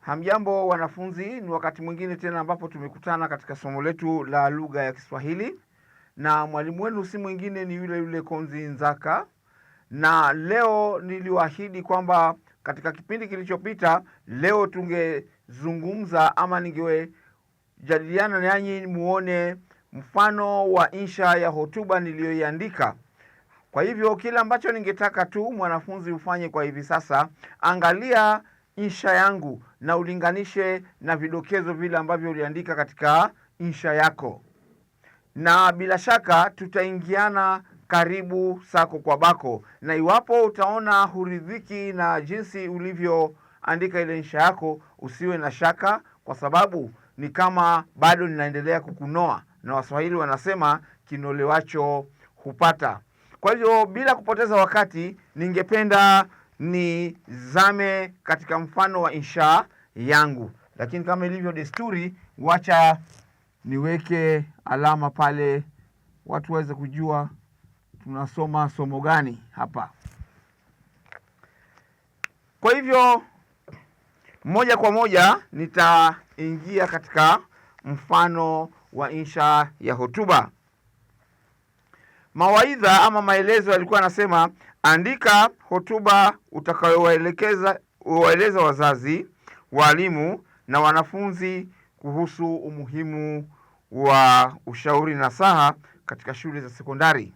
Hamjambo wanafunzi, ni wakati mwingine tena ambapo tumekutana katika somo letu la lugha ya Kiswahili na mwalimu wenu si mwingine ni yule yule Konzi Nzaka, na leo niliwaahidi kwamba katika kipindi kilichopita leo tungezungumza ama ningejadiliana nanyi muone mfano wa insha ya hotuba niliyoiandika kwa hivyo kile ambacho ningetaka tu mwanafunzi ufanye kwa hivi sasa, angalia insha yangu na ulinganishe na vidokezo vile ambavyo uliandika katika insha yako, na bila shaka tutaingiana karibu sako kwa bako, na iwapo utaona huridhiki na jinsi ulivyoandika ile insha yako, usiwe na shaka, kwa sababu ni kama bado ninaendelea kukunoa, na Waswahili wanasema kinolewacho hupata. Kwa hivyo bila kupoteza wakati, ningependa nizame katika mfano wa insha yangu, lakini kama ilivyo desturi, wacha niweke alama pale watu waweze kujua tunasoma somo gani hapa. Kwa hivyo moja kwa moja nitaingia katika mfano wa insha ya hotuba. Mawaidha ama maelezo, alikuwa anasema andika hotuba utakayowaelekeza waeleza wazazi, walimu na wanafunzi kuhusu umuhimu wa ushauri na saha katika shule za sekondari.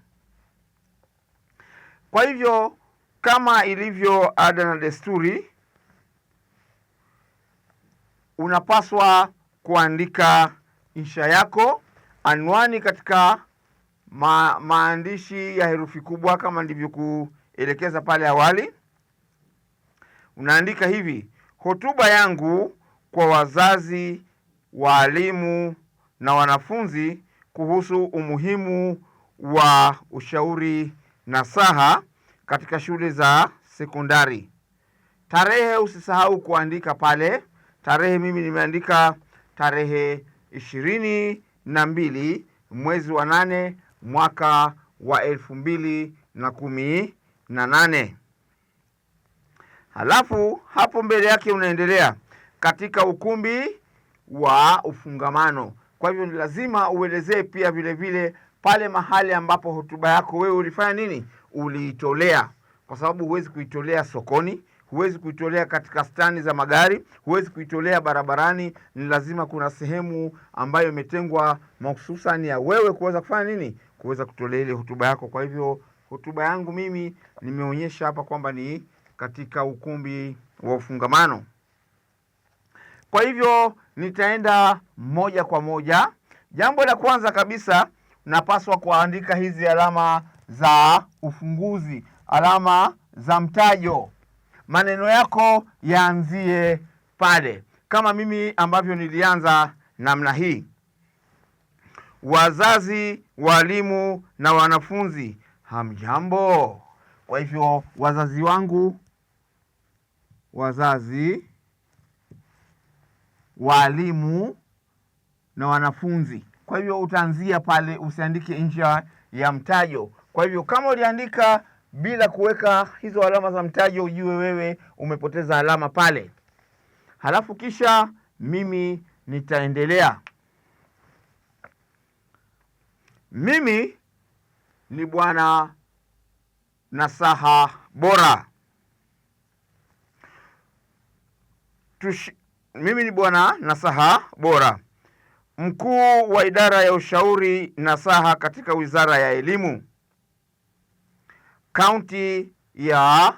Kwa hivyo kama ilivyo ada na desturi, unapaswa kuandika insha yako, anwani katika ma, maandishi ya herufi kubwa kama nilivyokuelekeza pale awali. Unaandika hivi: hotuba yangu kwa wazazi, waalimu na wanafunzi kuhusu umuhimu wa ushauri na saha katika shule za sekondari. Tarehe usisahau kuandika pale tarehe. Mimi nimeandika tarehe ishirini na mbili mwezi wa nane mwaka wa elfu mbili na kumi na nane. Halafu hapo mbele yake unaendelea katika ukumbi wa ufungamano. Kwa hivyo ni lazima uelezee pia vile vile pale mahali ambapo hotuba yako wewe ulifanya nini, uliitolea, kwa sababu huwezi kuitolea sokoni, huwezi kuitolea katika stani za magari, huwezi kuitolea barabarani. Ni lazima kuna sehemu ambayo imetengwa mahususan ya wewe kuweza kufanya nini, kuweza kutolea ile hotuba yako. Kwa hivyo hotuba yangu mimi nimeonyesha hapa kwamba ni katika ukumbi wa ufungamano. Kwa hivyo nitaenda moja kwa moja. Jambo la kwanza kabisa, napaswa kuandika hizi alama za ufunguzi, alama za mtajo maneno yako yaanzie pale, kama mimi ambavyo nilianza namna hii. Wazazi, walimu na wanafunzi, hamjambo? Kwa hivyo wazazi wangu, wazazi, walimu na wanafunzi. Kwa hivyo utaanzia pale, usiandike nje ya mtajo. Kwa hivyo kama uliandika bila kuweka hizo alama za mtajo, ujue wewe umepoteza alama pale. Halafu kisha mimi nitaendelea. Mimi ni bwana nasaha bora Tush... mimi ni bwana nasaha bora, mkuu wa idara ya ushauri nasaha katika wizara ya elimu kaunti ya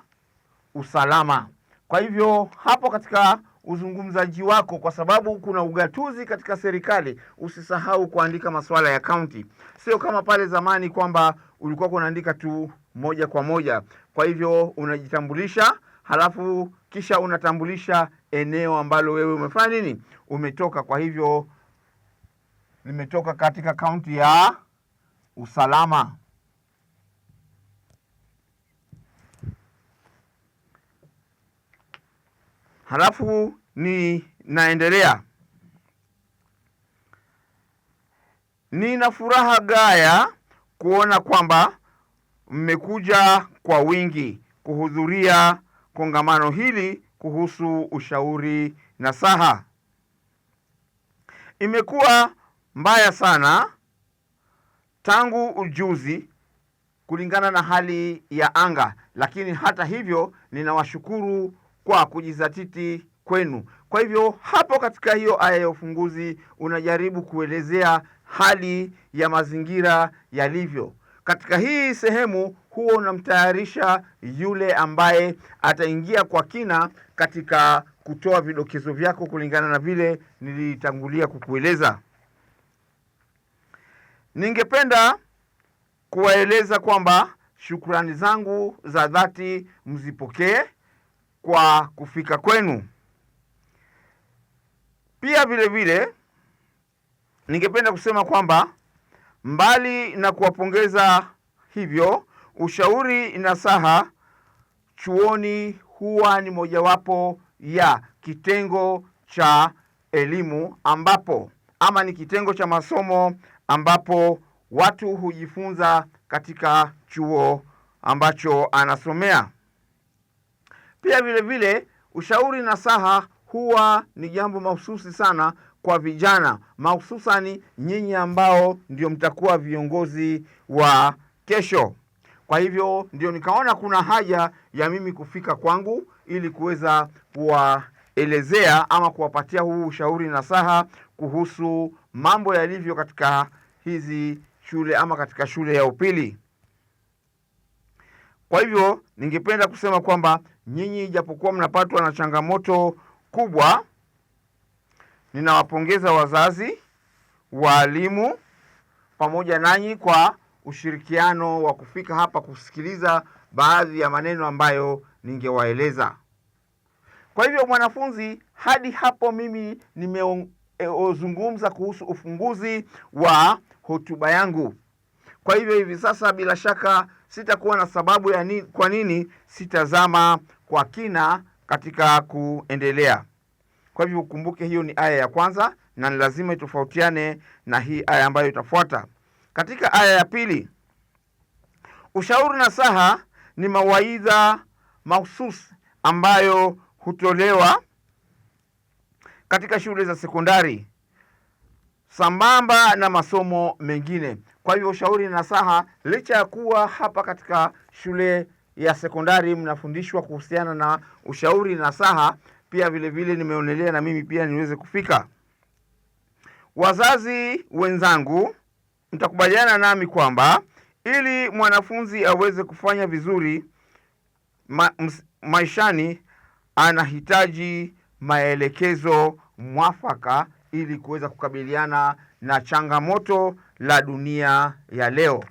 usalama. Kwa hivyo hapo katika uzungumzaji wako, kwa sababu kuna ugatuzi katika serikali, usisahau kuandika masuala ya kaunti, sio kama pale zamani kwamba ulikuwa unaandika tu moja kwa moja. Kwa hivyo unajitambulisha, halafu kisha unatambulisha eneo ambalo wewe umefanya nini, umetoka. Kwa hivyo limetoka katika kaunti ya usalama. halafu ninaendelea. Nina furaha gaya kuona kwamba mmekuja kwa wingi kuhudhuria kongamano hili kuhusu ushauri na saha Imekuwa mbaya sana tangu ujuzi kulingana na hali ya anga, lakini hata hivyo ninawashukuru kwa kujizatiti kwenu. Kwa hivyo hapo katika hiyo aya ya ufunguzi unajaribu kuelezea hali ya mazingira yalivyo. Katika hii sehemu huo unamtayarisha yule ambaye ataingia kwa kina katika kutoa vidokezo vyako kulingana na vile nilitangulia kukueleza. Ningependa kuwaeleza kwamba shukrani zangu za dhati mzipokee kwa kufika kwenu. Pia vile vile ningependa kusema kwamba mbali na kuwapongeza hivyo, ushauri na saha chuoni huwa ni mojawapo ya kitengo cha elimu ambapo ama ni kitengo cha masomo ambapo watu hujifunza katika chuo ambacho anasomea. Pia vile vile ushauri nasaha huwa ni jambo mahususi sana kwa vijana, mahususani nyinyi ambao ndio mtakuwa viongozi wa kesho. Kwa hivyo ndio nikaona kuna haja ya mimi kufika kwangu ili kuweza kuwaelezea ama kuwapatia huu ushauri nasaha kuhusu mambo yalivyo katika hizi shule ama katika shule ya upili. Kwa hivyo ningependa kusema kwamba nyinyi, ijapokuwa mnapatwa na changamoto kubwa, ninawapongeza wazazi, waalimu pamoja nanyi kwa ushirikiano wa kufika hapa kusikiliza baadhi ya maneno ambayo ningewaeleza. Kwa hivyo mwanafunzi, hadi hapo mimi nimezungumza kuhusu ufunguzi wa hotuba yangu. Kwa hivyo hivi sasa, bila shaka sitakuwa na sababu ya ni, kwa nini sitazama kwa kina katika kuendelea. Kwa hivyo ukumbuke, hiyo ni aya ya kwanza na ni lazima itofautiane na hii aya ambayo itafuata. Katika aya ya pili, ushauri na saha ni mawaidha mahusus ambayo hutolewa katika shule za sekondari sambamba na masomo mengine. Kwa hivyo ushauri na nasaha, licha ya kuwa hapa katika shule ya sekondari mnafundishwa kuhusiana na ushauri na nasaha, pia vile vile nimeonelea na mimi pia niweze kufika. Wazazi wenzangu, mtakubaliana nami kwamba ili mwanafunzi aweze kufanya vizuri ma, ms, maishani anahitaji maelekezo mwafaka ili kuweza kukabiliana na changamoto la dunia ya leo.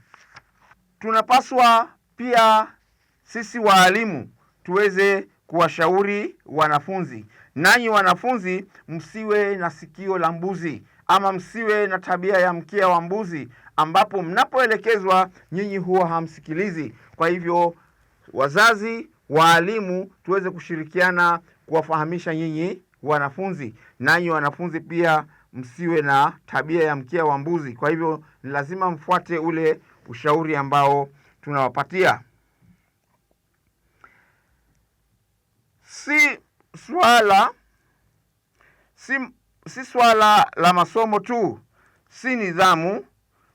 Tunapaswa pia sisi waalimu tuweze kuwashauri wanafunzi, nanyi wanafunzi, msiwe na sikio la mbuzi ama msiwe na tabia ya mkia wa mbuzi, ambapo mnapoelekezwa nyinyi huwa hamsikilizi. Kwa hivyo, wazazi, waalimu, tuweze kushirikiana kuwafahamisha nyinyi wanafunzi nanyi wanafunzi pia msiwe na tabia ya mkia wa mbuzi. Kwa hivyo ni lazima mfuate ule ushauri ambao tunawapatia. Si swala si, si swala la masomo tu, si nidhamu,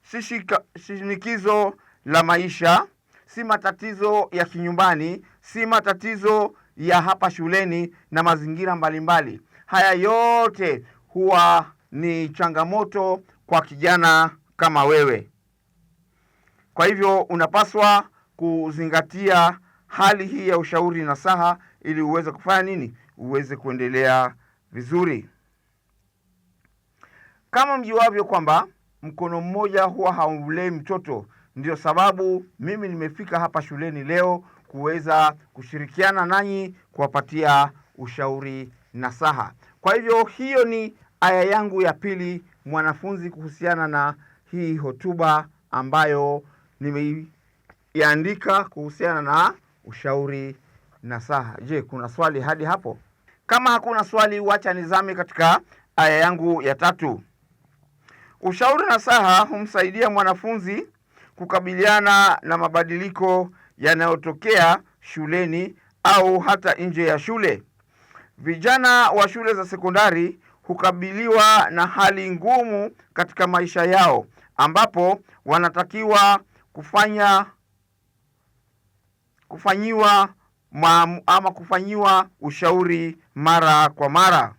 si shika, shinikizo la maisha, si matatizo ya kinyumbani, si matatizo ya hapa shuleni na mazingira mbalimbali mbali. Haya yote huwa ni changamoto kwa kijana kama wewe. Kwa hivyo unapaswa kuzingatia hali hii ya ushauri na saha, ili uweze kufanya nini? Uweze kuendelea vizuri. Kama mjuavyo kwamba mkono mmoja huwa haulei mtoto, ndio sababu mimi nimefika hapa shuleni leo kuweza kushirikiana nanyi kuwapatia ushauri nasaha. Kwa hivyo hiyo ni aya yangu ya pili, mwanafunzi, kuhusiana na hii hotuba ambayo nimeiandika kuhusiana na ushauri nasaha. Je, kuna swali hadi hapo? Kama hakuna swali, wacha nizame katika aya yangu ya tatu. Ushauri nasaha humsaidia mwanafunzi kukabiliana na mabadiliko yanayotokea shuleni au hata nje ya shule. Vijana wa shule za sekondari hukabiliwa na hali ngumu katika maisha yao ambapo wanatakiwa kufanya kufanyiwa maamu, ama kufanyiwa ushauri mara kwa mara.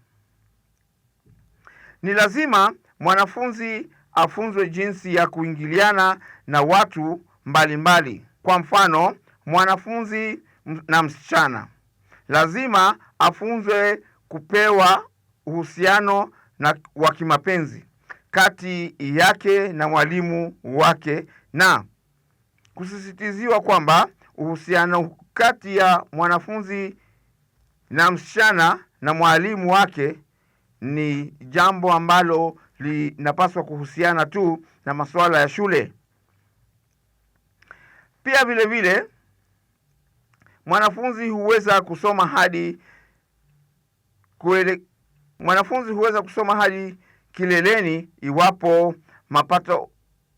Ni lazima mwanafunzi afunzwe jinsi ya kuingiliana na watu mbalimbali mbali. Kwa mfano, mwanafunzi na msichana lazima afunzwe kupewa uhusiano na wa kimapenzi kati yake na mwalimu wake na kusisitiziwa kwamba uhusiano kati ya mwanafunzi na msichana na mwalimu wake ni jambo ambalo linapaswa kuhusiana tu na masuala ya shule. Pia vile vile Mwanafunzi huweza kusoma hadi kuele, mwanafunzi huweza kusoma hadi kileleni iwapo mapato,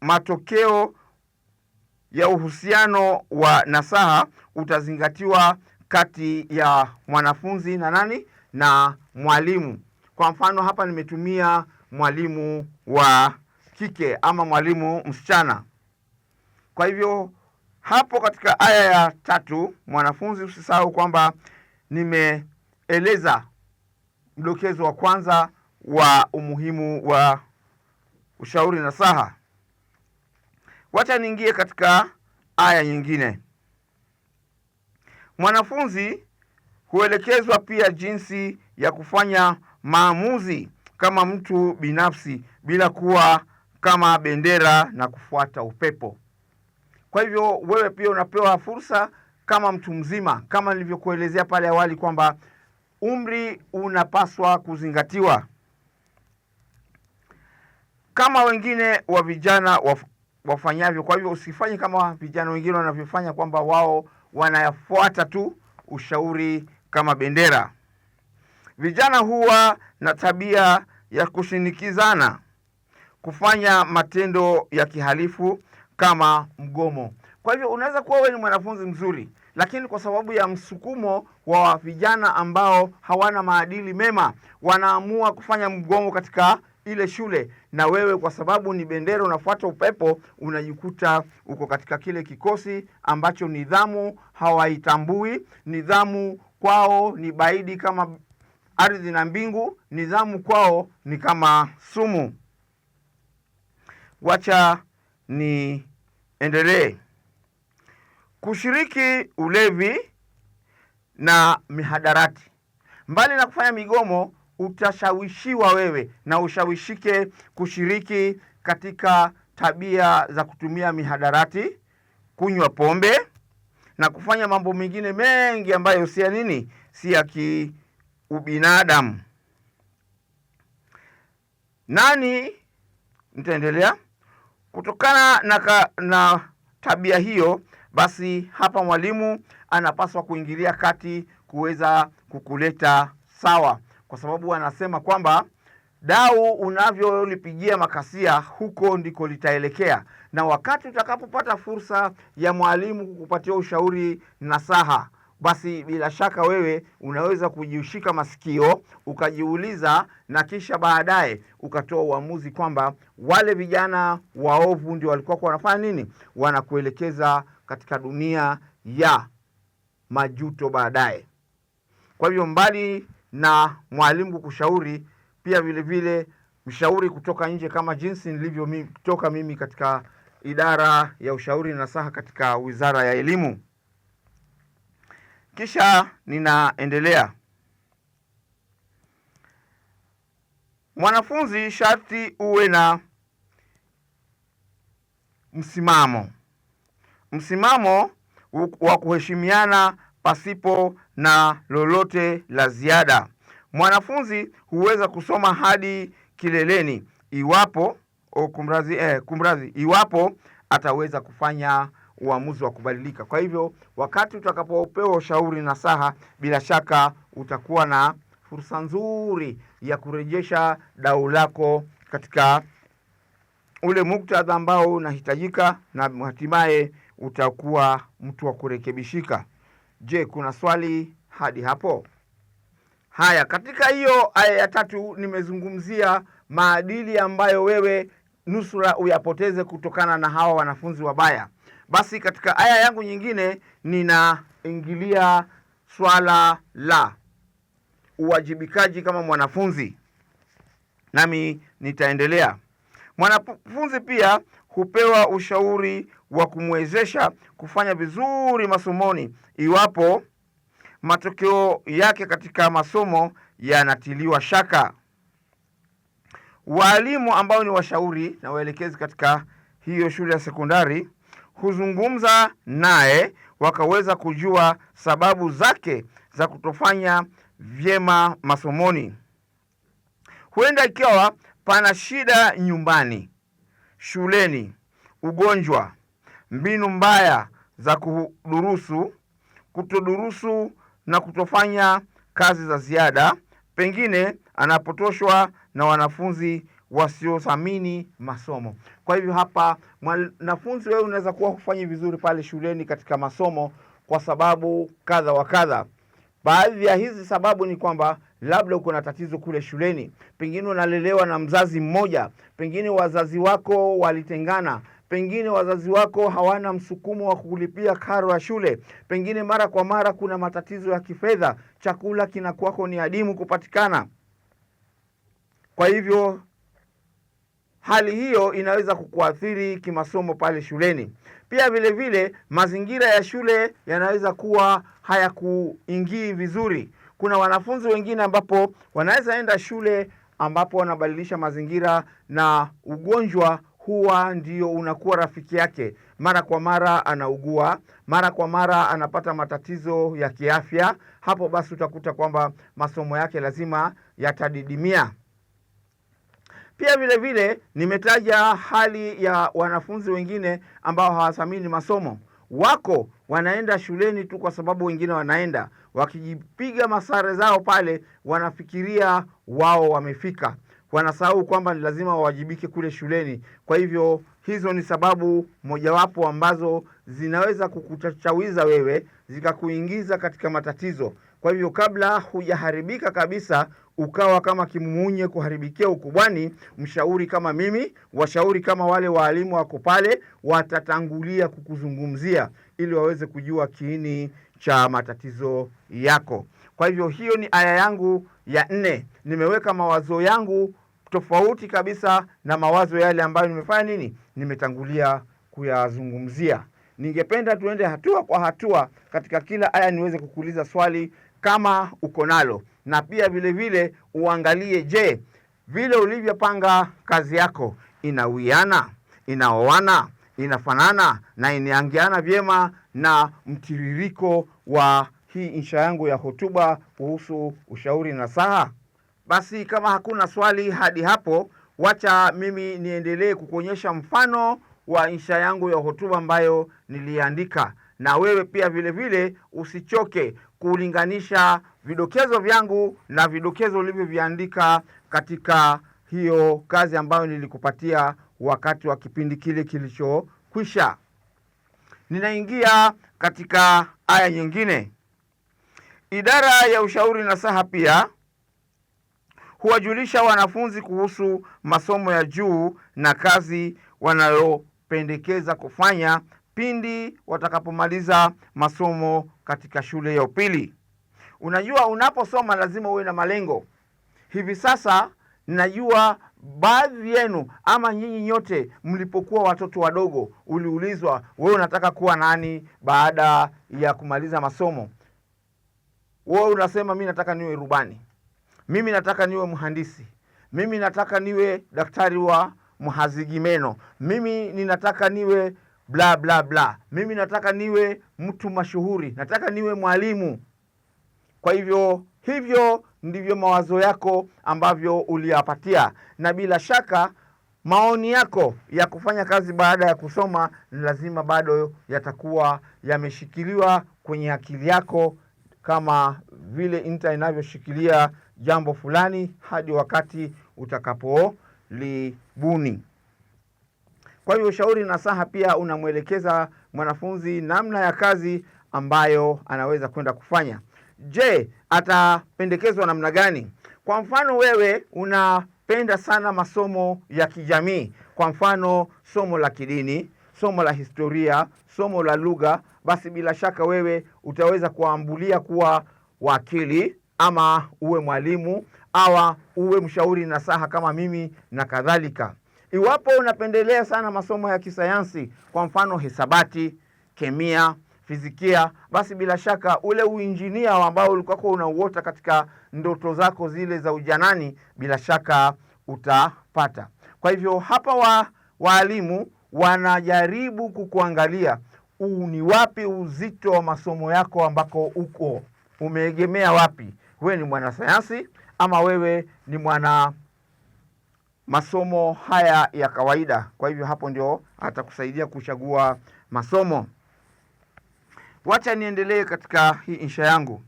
matokeo ya uhusiano wa nasaha utazingatiwa kati ya mwanafunzi na nani na mwalimu. Kwa mfano hapa nimetumia mwalimu wa kike ama mwalimu msichana. Kwa hivyo hapo katika aya ya tatu, mwanafunzi usisahau kwamba nimeeleza mdokezo wa kwanza wa umuhimu wa ushauri na saha Wacha niingie katika aya nyingine. Mwanafunzi huelekezwa pia jinsi ya kufanya maamuzi kama mtu binafsi bila kuwa kama bendera na kufuata upepo. Kwa hivyo wewe pia unapewa fursa kama mtu mzima, kama nilivyokuelezea pale awali kwamba umri unapaswa kuzingatiwa kama wengine wa vijana waf, wafanyavyo. Kwa hivyo usifanye kama vijana wengine wanavyofanya kwamba wao wanayafuata tu ushauri kama bendera. Vijana huwa na tabia ya kushinikizana, kufanya matendo ya kihalifu kama mgomo. Kwa hivyo unaweza kuwa wewe ni mwanafunzi mzuri, lakini kwa sababu ya msukumo wa vijana ambao hawana maadili mema, wanaamua kufanya mgomo katika ile shule, na wewe kwa sababu ni bendera unafuata upepo, unajikuta uko katika kile kikosi ambacho nidhamu hawaitambui. Nidhamu kwao ni baidi kama ardhi na mbingu, nidhamu kwao ni kama sumu. Wacha ni endelee kushiriki ulevi na mihadarati. Mbali na kufanya migomo, utashawishiwa wewe na ushawishike kushiriki katika tabia za kutumia mihadarati, kunywa pombe na kufanya mambo mengine mengi ambayo si ya nini, si ya kiubinadamu. Nani, nitaendelea. Kutokana na, na tabia hiyo basi, hapa mwalimu anapaswa kuingilia kati kuweza kukuleta sawa, kwa sababu anasema kwamba dau unavyolipigia makasia huko ndiko litaelekea, na wakati utakapopata fursa ya mwalimu kukupatia ushauri nasaha basi bila shaka wewe unaweza kujishika masikio ukajiuliza, na kisha baadaye ukatoa uamuzi kwamba wale vijana waovu ndio walikuwa wanafanya nini, wanakuelekeza katika dunia ya majuto baadaye. Kwa hivyo, mbali na mwalimu kukushauri, pia vilevile mshauri kutoka nje, kama jinsi nilivyotoka mimi katika idara ya ushauri na saha katika Wizara ya Elimu. Kisha ninaendelea. Mwanafunzi sharti uwe na msimamo, msimamo wa kuheshimiana pasipo na lolote la ziada. Mwanafunzi huweza kusoma hadi kileleni iwapo oh, kumradhi, eh, iwapo ataweza kufanya uamuzi wa kubadilika. Kwa hivyo, wakati utakapopewa ushauri na saha, bila shaka utakuwa na fursa nzuri ya kurejesha dau lako katika ule muktadha ambao unahitajika na hatimaye utakuwa mtu wa kurekebishika. Je, kuna swali hadi hapo? Haya, katika hiyo aya ya tatu nimezungumzia maadili ambayo wewe nusura uyapoteze kutokana na hawa wanafunzi wabaya. Basi katika aya yangu nyingine ninaingilia swala la uwajibikaji kama mwanafunzi, nami nitaendelea. Mwanafunzi pia hupewa ushauri wa kumwezesha kufanya vizuri masomoni iwapo matokeo yake katika masomo yanatiliwa shaka. Waalimu ambao ni washauri na waelekezi katika hiyo shule ya sekondari huzungumza naye wakaweza kujua sababu zake za kutofanya vyema masomoni. Huenda ikiwa pana shida nyumbani, shuleni, ugonjwa, mbinu mbaya za kudurusu, kutodurusu na kutofanya kazi za ziada. Pengine anapotoshwa na wanafunzi wasiothamini masomo. Kwa hivyo hapa, mwanafunzi wewe unaweza kuwa hufanyi vizuri pale shuleni katika masomo kwa sababu kadha wa kadha. Baadhi ya hizi sababu ni kwamba labda uko na tatizo kule shuleni, pengine unalelewa na mzazi mmoja, pengine wazazi wako walitengana pengine wazazi wako hawana msukumo wa kulipia karo ya shule, pengine mara kwa mara kuna matatizo ya kifedha, chakula kinakuwako ni adimu kupatikana. Kwa hivyo hali hiyo inaweza kukuathiri kimasomo pale shuleni. Pia vile vile mazingira ya shule yanaweza kuwa hayakuingii vizuri. Kuna wanafunzi wengine ambapo wanaweza enda shule ambapo wanabadilisha mazingira na ugonjwa huwa ndio unakuwa rafiki yake. Mara kwa mara anaugua, mara kwa mara anapata matatizo ya kiafya. Hapo basi utakuta kwamba masomo yake lazima yatadidimia. Pia vile vile nimetaja hali ya wanafunzi wengine ambao hawathamini masomo. Wako wanaenda shuleni tu kwa sababu wengine wanaenda, wakijipiga masare zao pale, wanafikiria wao wamefika, wanasahau kwamba ni lazima wawajibike kule shuleni. Kwa hivyo hizo ni sababu mojawapo ambazo zinaweza kukuchachawiza wewe zikakuingiza katika matatizo. Kwa hivyo kabla hujaharibika kabisa ukawa kama kimumunye kuharibikia ukubwani, mshauri kama mimi, washauri kama wale waalimu wako pale, watatangulia kukuzungumzia ili waweze kujua kiini cha matatizo yako. Kwa hivyo hiyo ni aya yangu ya nne. Nimeweka mawazo yangu tofauti kabisa na mawazo yale ambayo nimefanya nini, nimetangulia kuyazungumzia. Ningependa tuende hatua kwa hatua katika kila aya, niweze kukuuliza swali kama uko nalo, na pia vilevile uangalie, je, vile ulivyopanga kazi yako inawiana, inaoana, inafanana na inaangiana vyema na mtiririko wa hii insha yangu ya hotuba kuhusu ushauri na saha. Basi kama hakuna swali hadi hapo, wacha mimi niendelee kukuonyesha mfano wa insha yangu ya hotuba ambayo niliandika, na wewe pia vilevile vile usichoke kulinganisha vidokezo vyangu na vidokezo ulivyoviandika katika hiyo kazi ambayo nilikupatia wakati wa kipindi kile kilichokwisha. Ninaingia katika aya nyingine. Idara ya ushauri na saha pia huwajulisha wanafunzi kuhusu masomo ya juu na kazi wanayopendekeza kufanya pindi watakapomaliza masomo katika shule ya upili. Unajua, unaposoma lazima uwe na malengo. Hivi sasa najua baadhi yenu ama nyinyi nyote mlipokuwa watoto wadogo, uliulizwa wewe unataka kuwa nani baada ya kumaliza masomo? Wewe unasema mi nataka niwe rubani, mimi nataka niwe mhandisi, mimi nataka niwe daktari wa mhazigi meno, mimi ninataka niwe bla bla bla, mimi nataka niwe mtu mashuhuri, nataka niwe mwalimu. Kwa hivyo hivyo ndivyo mawazo yako ambavyo uliyapatia, na bila shaka maoni yako ya kufanya kazi baada ya kusoma ni lazima bado yatakuwa yameshikiliwa kwenye akili yako, kama vile nta inavyoshikilia jambo fulani hadi wakati utakapolibuni. Kwa hiyo ushauri nasaha pia unamwelekeza mwanafunzi namna ya kazi ambayo anaweza kwenda kufanya. Je, atapendekezwa namna gani? Kwa mfano wewe unapenda sana masomo ya kijamii, kwa mfano somo la kidini, somo la historia, somo la lugha, basi bila shaka wewe utaweza kuambulia kuwa wakili ama uwe mwalimu awa uwe mshauri nasaha kama mimi na kadhalika. Iwapo unapendelea sana masomo ya kisayansi, kwa mfano hisabati, kemia, fizikia, basi bila shaka ule uinjinia ambao ulikuwa unauota katika ndoto zako zile za ujanani, bila shaka utapata. Kwa hivyo hapa wa waalimu wanajaribu kukuangalia ni wapi uzito wa masomo yako ambako uko umeegemea wapi. Wewe ni mwanasayansi ama wewe ni mwana masomo haya ya kawaida. Kwa hivyo hapo ndio atakusaidia kuchagua masomo. Wacha niendelee katika hii insha yangu.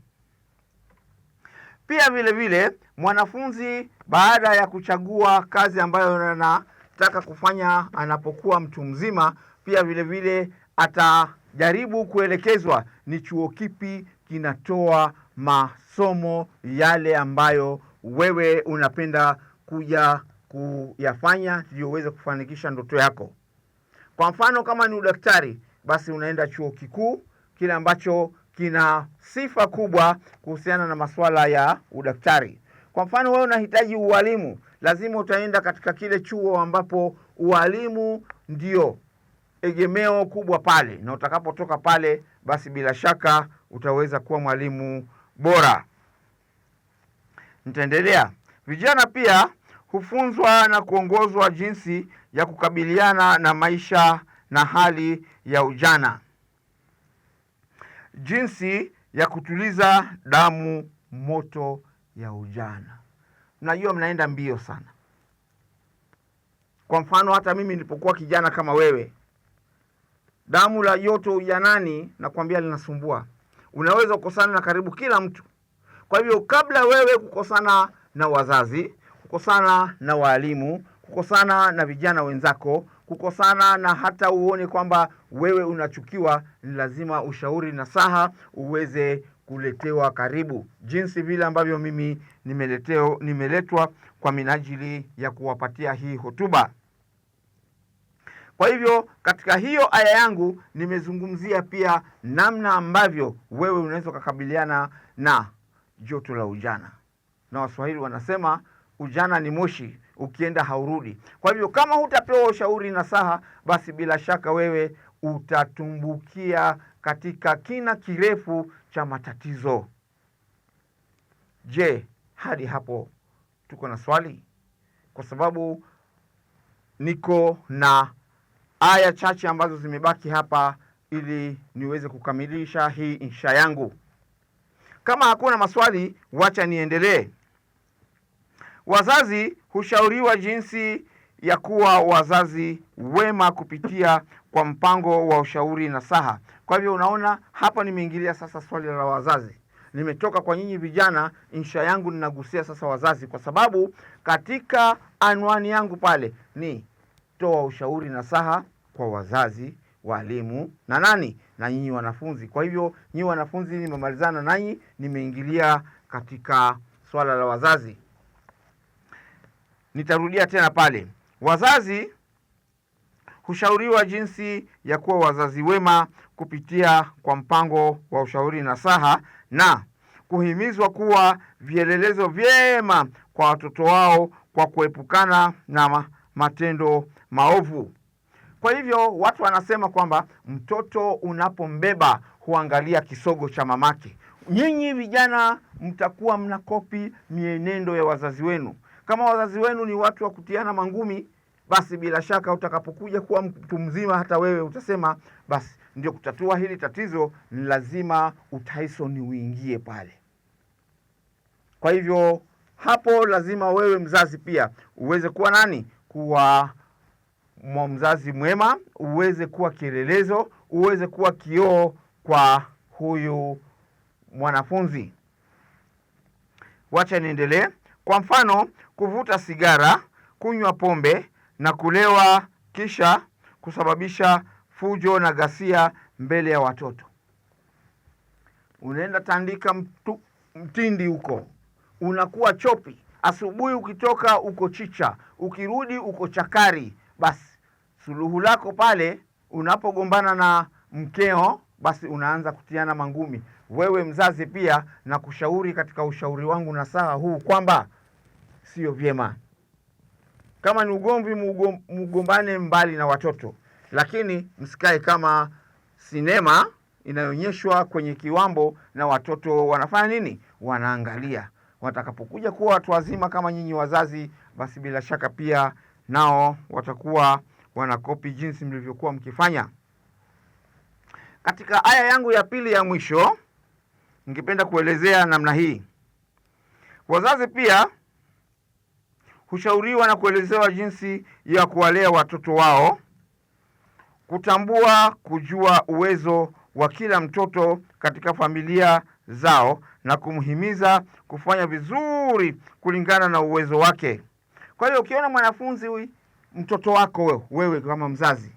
Pia vile vile mwanafunzi baada ya kuchagua kazi ambayo anataka kufanya anapokuwa mtu mzima, pia vile vile atajaribu kuelekezwa ni chuo kipi kinatoa masomo yale ambayo wewe unapenda kuja kuyafanya ndio uweze kufanikisha ndoto yako. Kwa mfano, kama ni udaktari, basi unaenda chuo kikuu kile ambacho kina sifa kubwa kuhusiana na masuala ya udaktari. Kwa mfano, wewe unahitaji ualimu, lazima utaenda katika kile chuo ambapo ualimu ndio egemeo kubwa pale, na utakapotoka pale, basi bila shaka utaweza kuwa mwalimu bora. Nitaendelea. Vijana pia hufunzwa na kuongozwa jinsi ya kukabiliana na maisha na hali ya ujana, jinsi ya kutuliza damu moto ya ujana. Najua mnaenda mbio sana. Kwa mfano, hata mimi nilipokuwa kijana kama wewe, damu la joto ujanani, nakwambia linasumbua. Unaweza kukosana na karibu kila mtu. Kwa hivyo, kabla wewe kukosana na wazazi kukosana na waalimu, kukosana na vijana wenzako, kukosana na hata uone kwamba wewe unachukiwa, ni lazima ushauri na saha uweze kuletewa karibu, jinsi vile ambavyo mimi nimeleteo, nimeletwa kwa minajili ya kuwapatia hii hotuba. Kwa hivyo katika hiyo aya yangu nimezungumzia pia namna ambavyo wewe unaweza ukakabiliana na joto la ujana, na Waswahili wanasema ujana ni moshi, ukienda haurudi. Kwa hivyo kama hutapewa ushauri na saha basi bila shaka wewe utatumbukia katika kina kirefu cha matatizo. Je, hadi hapo tuko na swali? Kwa sababu niko na aya chache ambazo zimebaki hapa ili niweze kukamilisha hii insha yangu. Kama hakuna maswali, wacha niendelee. Wazazi hushauriwa jinsi ya kuwa wazazi wema kupitia kwa mpango wa ushauri na saha Kwa hivyo, unaona hapa nimeingilia sasa swali la wazazi. Nimetoka kwa nyinyi vijana, insha yangu ninagusia sasa wazazi, kwa sababu katika anwani yangu pale ni toa ushauri na saha kwa wazazi, walimu na nani na nyinyi wanafunzi. Kwa hivyo, nyinyi wanafunzi, nimemalizana nanyi, nimeingilia katika swala la wazazi nitarudia tena pale. Wazazi hushauriwa jinsi ya kuwa wazazi wema kupitia kwa mpango wa ushauri na saha na kuhimizwa kuwa vielelezo vyema kwa watoto wao kwa kuepukana na matendo maovu. Kwa hivyo watu wanasema kwamba mtoto unapombeba huangalia kisogo cha mamake. Nyinyi vijana mtakuwa mnakopi mienendo ya wazazi wenu. Kama wazazi wenu ni watu wa kutiana mangumi, basi bila shaka utakapokuja kuwa mtu mzima, hata wewe utasema basi ndio kutatua hili tatizo, ni lazima utaisoni uingie pale. Kwa hivyo hapo lazima wewe mzazi pia uweze kuwa nani, kuwa mzazi mwema, uweze kuwa kielelezo, uweze kuwa kioo kwa huyu mwanafunzi. Wacha niendelee. Kwa mfano, kuvuta sigara, kunywa pombe na kulewa, kisha kusababisha fujo na ghasia mbele ya watoto. Unaenda tandika mtu, mtindi huko, unakuwa chopi. Asubuhi ukitoka uko chicha, ukirudi uko chakari. Basi suluhu lako pale unapogombana na mkeo, basi unaanza kutiana mangumi. Wewe mzazi pia, na kushauri katika ushauri wangu na saha huu kwamba sio vyema. Kama ni ugomvi, mugombane mbali na watoto, lakini msikae kama sinema inayoonyeshwa kwenye kiwambo na watoto wanafanya nini? Wanaangalia. Watakapokuja kuwa watu wazima kama nyinyi wazazi, basi bila shaka pia nao watakuwa wanakopi jinsi mlivyokuwa mkifanya. Katika aya yangu ya pili ya mwisho, ningependa kuelezea namna hii. Wazazi pia hushauriwa na kuelezewa jinsi ya kuwalea watoto wao, kutambua, kujua uwezo wa kila mtoto katika familia zao na kumhimiza kufanya vizuri kulingana na uwezo wake. Kwa hiyo ukiona mwanafunzi huyu mtoto wako wewe, wewe kama mzazi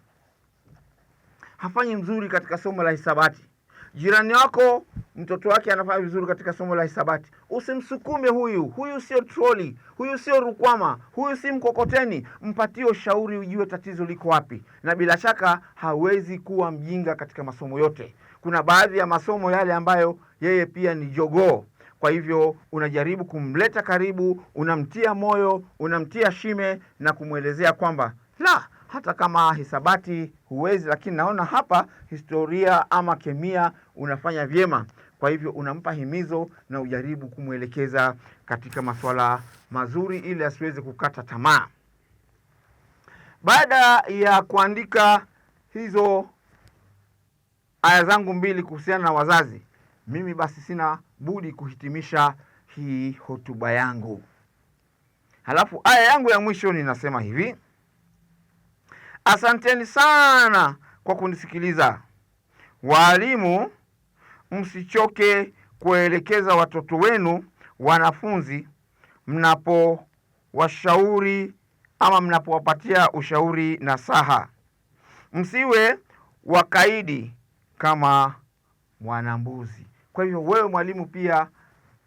hafanyi mzuri katika somo la hisabati, Jirani wako mtoto wake anafanya vizuri katika somo la hisabati, usimsukume huyu. Huyu sio troli, huyu sio rukwama, huyu si mkokoteni. Mpatie ushauri, ujue tatizo liko wapi, na bila shaka hawezi kuwa mjinga katika masomo yote. Kuna baadhi ya masomo yale ambayo yeye pia ni jogoo. Kwa hivyo unajaribu kumleta karibu, unamtia moyo, unamtia shime na kumwelezea kwamba la hata kama hisabati huwezi, lakini naona hapa historia ama kemia unafanya vyema. Kwa hivyo unampa himizo na ujaribu kumwelekeza katika masuala mazuri, ili asiweze kukata tamaa. Baada ya kuandika hizo aya zangu mbili kuhusiana na wazazi, mimi basi sina budi kuhitimisha hii hotuba yangu. Halafu aya yangu ya mwisho ninasema hivi: Asanteni sana kwa kunisikiliza. Waalimu, msichoke kuelekeza watoto wenu wanafunzi mnapowashauri ama mnapowapatia ushauri na saha. Msiwe wakaidi kama mwanambuzi. Kwa hivyo, wewe mwalimu pia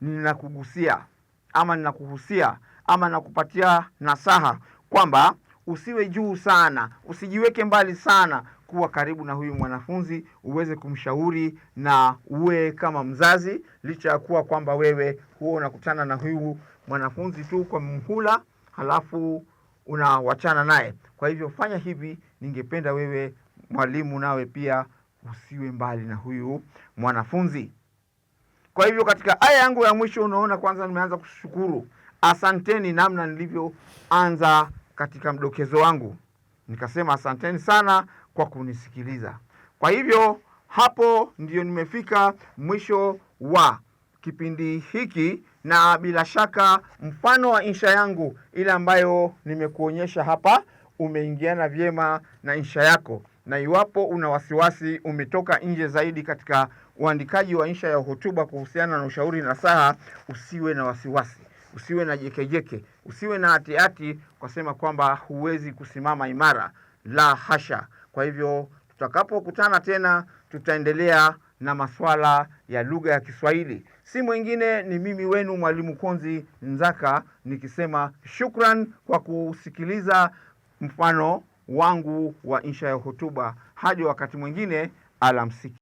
ninakugusia ama ninakuhusia ama nakupatia nasaha kwamba usiwe juu sana, usijiweke mbali sana. Kuwa karibu na huyu mwanafunzi uweze kumshauri na uwe kama mzazi, licha ya kuwa kwamba wewe huwa unakutana na huyu mwanafunzi tu kwa mhula, halafu unawachana naye. Kwa hivyo fanya hivi, ningependa wewe mwalimu nawe pia usiwe mbali na huyu mwanafunzi. Kwa hivyo katika aya yangu ya mwisho, unaona kwanza nimeanza kushukuru, asanteni namna nilivyoanza katika mdokezo wangu, nikasema asanteni sana kwa kunisikiliza. Kwa hivyo hapo ndiyo nimefika mwisho wa kipindi hiki, na bila shaka mfano wa insha yangu ile ambayo nimekuonyesha hapa umeingiana vyema na insha yako, na iwapo una wasiwasi umetoka nje zaidi katika uandikaji wa insha ya hotuba kuhusiana na ushauri na saha, usiwe na wasiwasi usiwe na jekejeke, usiwe na hatihati ukasema kwamba huwezi kusimama imara. La hasha! Kwa hivyo tutakapokutana tena, tutaendelea na masuala ya lugha ya Kiswahili. Si mwingine ni mimi wenu Mwalimu Konzi Nzaka, nikisema shukran kwa kusikiliza mfano wangu wa insha ya hotuba. Hadi wakati mwingine, alamsiki.